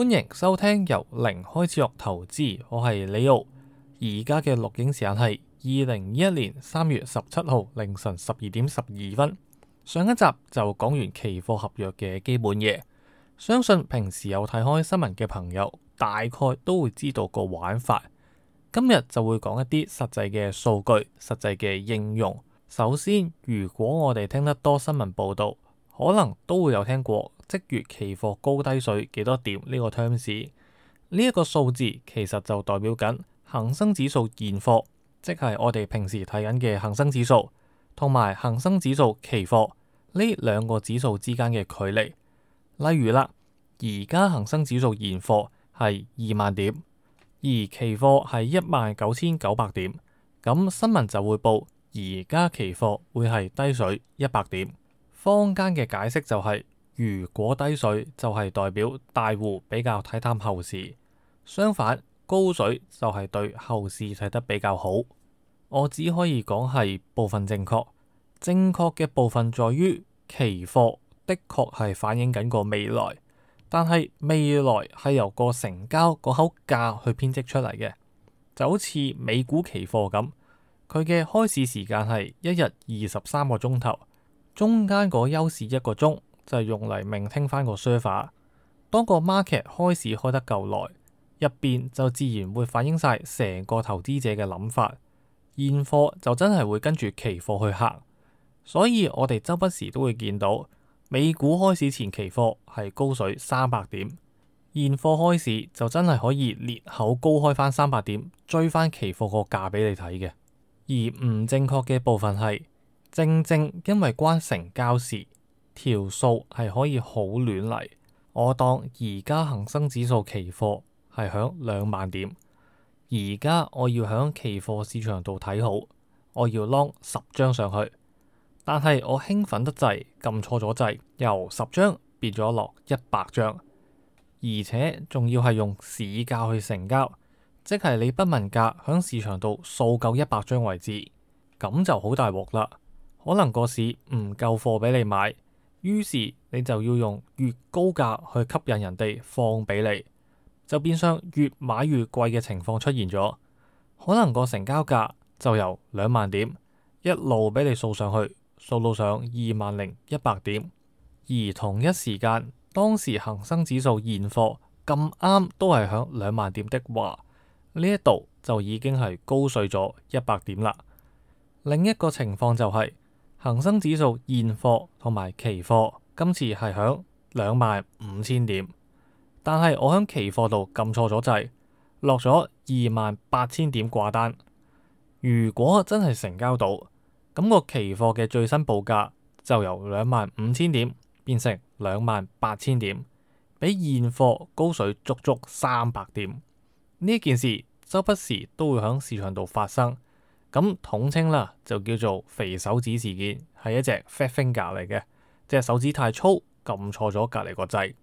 歡迎收聽由零開始學投資，我係李奧。而家嘅錄影時間係二零二一年三月十七號凌晨十二點十二分。上一集就講完期貨合約嘅基本嘢，相信平時有睇開新聞嘅朋友，大概都會知道個玩法。今日就會講一啲實際嘅數據、實際嘅應用。首先，如果我哋聽得多新聞報道，可能都會有聽過即月期貨高低水幾多點呢個 terms 呢一個數字其實就代表緊恒生指數現貨，即係我哋平時睇緊嘅恒生指數同埋恒生指數期貨呢兩個指數之間嘅距離。例如啦，而家恒生指數現貨係二萬點，而期貨係一萬九千九百點，咁新聞就會報而家期貨會係低水一百點。坊間嘅解釋就係，如果低水就係代表大戶比較睇淡後市，相反高水就係對後市睇得比較好。我只可以講係部分正確，正確嘅部分在於期貨的確係反映緊個未來，但係未來係由個成交嗰口價去編織出嚟嘅，就好似美股期貨咁，佢嘅開市時間係一日二十三個鐘頭。中間個休市一個鐘就係用嚟明聽翻個說法，當個 market 開市開得夠耐，入邊就自然會反映晒成個投資者嘅諗法，現貨就真係會跟住期貨去行，所以我哋周不時都會見到美股開市前期貨係高水三百點，現貨開市就真係可以裂口高開翻三百點，追翻期貨個價俾你睇嘅，而唔正確嘅部分係。正正因為關成交時條數係可以好亂嚟，我當而家恒生指數期貨係響兩萬點，而家我要響期貨市場度睇好，我要 long 十張上去，但係我興奮得滯，撳錯咗掣，由十張變咗落一百張，而且仲要係用市價去成交，即係你不問價響市場度掃夠一百張為止，咁就好大鑊啦。可能個市唔夠貨俾你買，於是你就要用越高價去吸引人哋放俾你，就變相越買越貴嘅情況出現咗。可能個成交價就由兩萬點一路俾你掃上去，掃到上二萬零一百點。而同一時間，當時恒生指數現貨咁啱都係響兩萬點的話，呢一度就已經係高水咗一百點啦。另一個情況就係、是。恒生指數現貨同埋期貨今次係響兩萬五千點，但係我響期貨度撳錯咗掣，落咗二萬八千點掛單。如果真係成交到，咁個期貨嘅最新報價就由兩萬五千點變成兩萬八千點，比現貨高水足足三百點。呢件事周不時都會響市場度發生。咁統稱啦，就叫做肥手指事件，係一隻 fat finger 嚟嘅，隻手指太粗，撳錯咗隔籬個掣。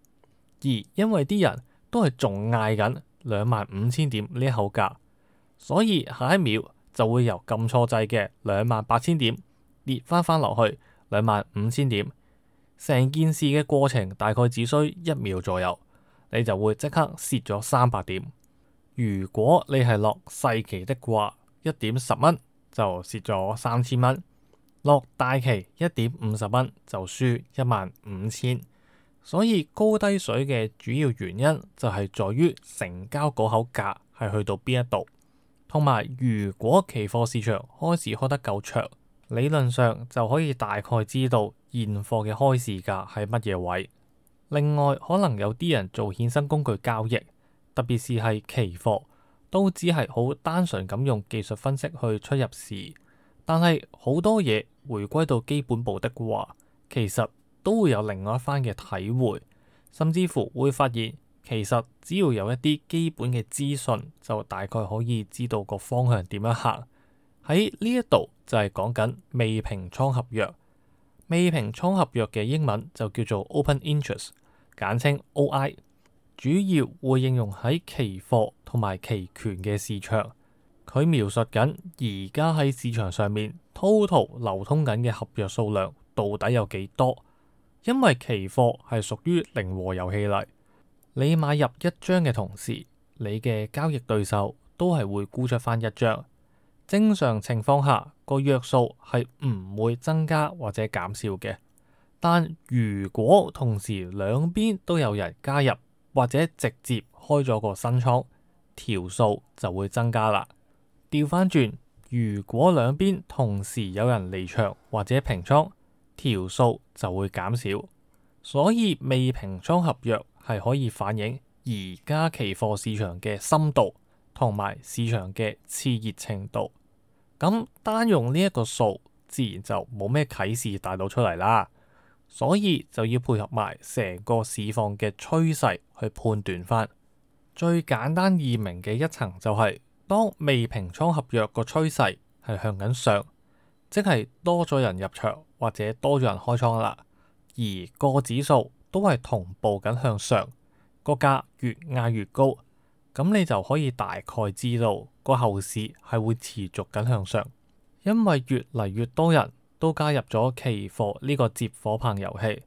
而因為啲人都係仲嗌緊兩萬五千點呢一口價，所以下一秒就會由撳錯掣嘅兩萬八千點跌翻翻落去兩萬五千點。成件事嘅過程大概只需一秒左右，你就會即刻蝕咗三百點。如果你係落細期的話。一點十蚊就蝕咗三千蚊，落大期一點五十蚊就輸一萬五千，所以高低水嘅主要原因就係在於成交嗰口價係去到邊一度，同埋如果期貨市場開市開得夠長，理論上就可以大概知道現貨嘅開市價係乜嘢位。另外，可能有啲人做衍生工具交易，特別是係期貨。都只係好單純咁用技術分析去出入市，但係好多嘢回歸到基本步的話，其實都會有另外一番嘅體會，甚至乎會發現其實只要有一啲基本嘅資訊，就大概可以知道個方向點樣行。喺呢一度就係講緊未平倉合約，未平倉合約嘅英文就叫做 open interest，簡稱 OI。主要會應用喺期貨同埋期權嘅市場。佢描述緊而家喺市場上面 total 流通緊嘅合約數量到底有幾多？因為期貨係屬於零和遊戲嚟，你買入一張嘅同時，你嘅交易對手都係會沽出翻一張。正常情況下個約數係唔會增加或者減少嘅。但如果同時兩邊都有人加入，或者直接開咗個新倉，條數就會增加啦。調翻轉，如果兩邊同時有人離場或者平倉，條數就會減少。所以未平倉合約係可以反映而家期貨市場嘅深度同埋市場嘅熾熱程度。咁單用呢一個數，自然就冇咩啟示帶到出嚟啦。所以就要配合埋成個市況嘅趨勢去判斷翻。最簡單易明嘅一層就係，當未平倉合約個趨勢係向緊上，即係多咗人入場或者多咗人開倉啦，而個指數都係同步緊向上，個價越壓越高，咁你就可以大概知道個後市係會持續緊向上，因為越嚟越多人。都加入咗期貨呢個接火棒遊戲。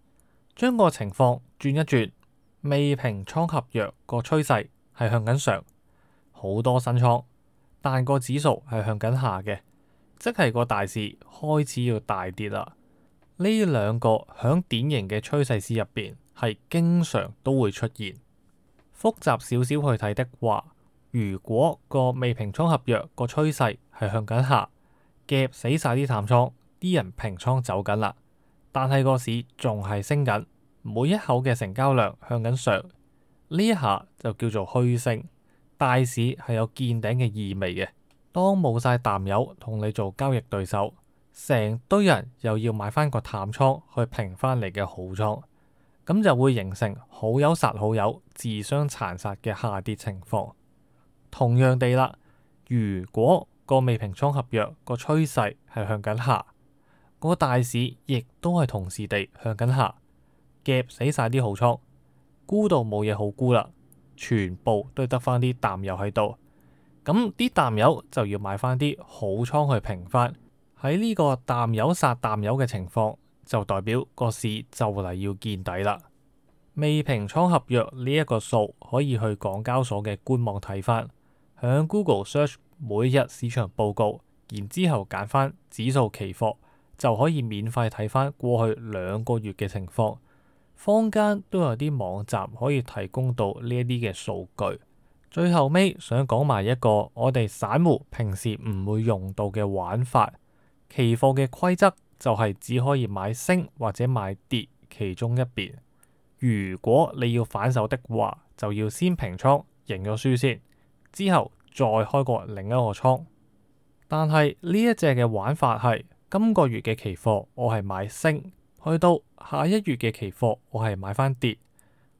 將個情況轉一轉，未平倉合約個趨勢係向緊上，好多新倉，但個指數係向緊下嘅，即係個大市開始要大跌啦。呢兩個響典型嘅趨勢市入邊係經常都會出現。複雜少少去睇的話，如果個未平倉合約個趨勢係向緊下，夾死晒啲淡倉。啲人平倉走緊啦，但係個市仲係升緊，每一口嘅成交量向緊上，呢一下就叫做虛升。大市係有見頂嘅意味嘅。當冇晒淡友同你做交易對手，成堆人又要買翻個淡倉去平翻嚟嘅好倉，咁就會形成好友殺好友、自相殘殺嘅下跌情況。同樣地啦，如果個未平倉合約個趨勢係向緊下。個大市亦都係同時地向緊下，夾死晒啲好倉沽到冇嘢好沽啦，全部都係得翻啲淡油喺度。咁啲淡油就要買翻啲好倉去平翻。喺呢個淡油殺淡油嘅情況，就代表個市就嚟要見底啦。未平倉合約呢一個數可以去港交所嘅官網睇翻，響 Google search 每一日市場報告，然之後揀翻指數期貨。就可以免費睇翻過去兩個月嘅情況。坊間都有啲網站可以提供到呢一啲嘅數據。最後尾想講埋一個我哋散戶平時唔會用到嘅玩法。期貨嘅規則就係只可以買升或者買跌其中一邊。如果你要反手的話，就要先平倉，贏咗輸先，之後再開過另一個倉。但係呢一隻嘅玩法係。今個月嘅期貨我係買升，去到下一月嘅期貨我係買翻跌，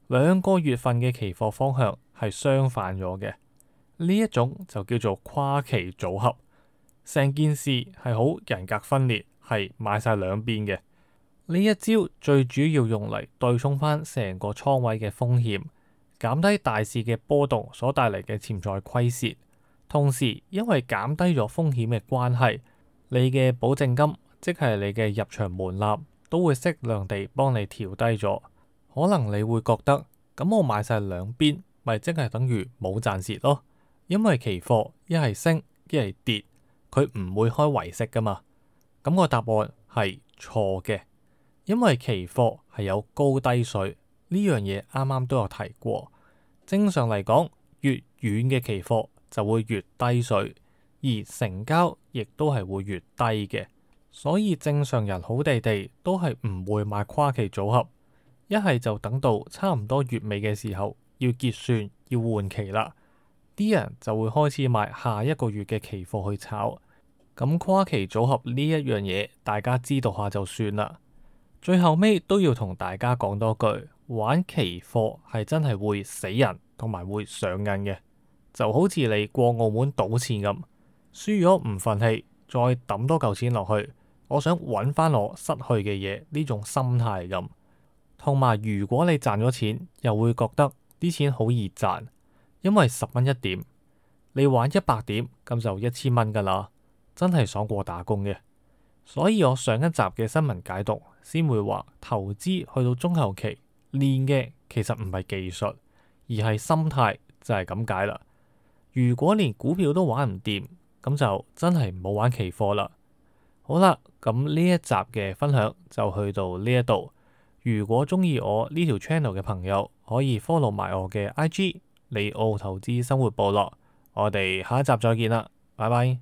兩個月份嘅期貨方向係相反咗嘅。呢一種就叫做跨期組合，成件事係好人格分裂，係買晒兩邊嘅。呢一招最主要用嚟對沖翻成個倉位嘅風險，減低大市嘅波動所帶嚟嘅潛在虧蝕，同時因為減低咗風險嘅關係。你嘅保證金，即係你嘅入場門檻，都會適量地幫你調低咗。可能你會覺得，咁我買晒兩邊，咪即係等於冇賺蝕咯？因為期貨一係升一係跌，佢唔會開圍息㗎嘛。咁個答案係錯嘅，因為期貨係有高低水呢樣嘢，啱啱都有提過。正常嚟講，越遠嘅期貨就會越低水，而成交，亦都係會越低嘅，所以正常人好地地都係唔會買跨期組合，一係就等到差唔多月尾嘅時候要結算要換期啦，啲人就會開始買下一個月嘅期貨去炒。咁跨期組合呢一樣嘢，大家知道下就算啦。最後尾都要同大家講多句，玩期貨係真係會死人同埋會上癮嘅，就好似你過澳門賭錢咁。輸咗唔忿氣，再抌多嚿錢落去。我想揾翻我失去嘅嘢，呢種心態咁。同埋，如果你賺咗錢，又會覺得啲錢好易賺，因為十蚊一點，你玩一百點咁就一千蚊噶啦，真係爽過打工嘅。所以我上一集嘅新聞解讀先會話，投資去到中後期練嘅其實唔係技術，而係心態就係咁解啦。如果連股票都玩唔掂。咁就真係唔好玩期貨啦。好啦，咁呢一集嘅分享就去到呢一度。如果中意我呢條 channel 嘅朋友，可以 follow 埋我嘅 IG 利奧投資生活部落。我哋下一集再見啦，拜拜。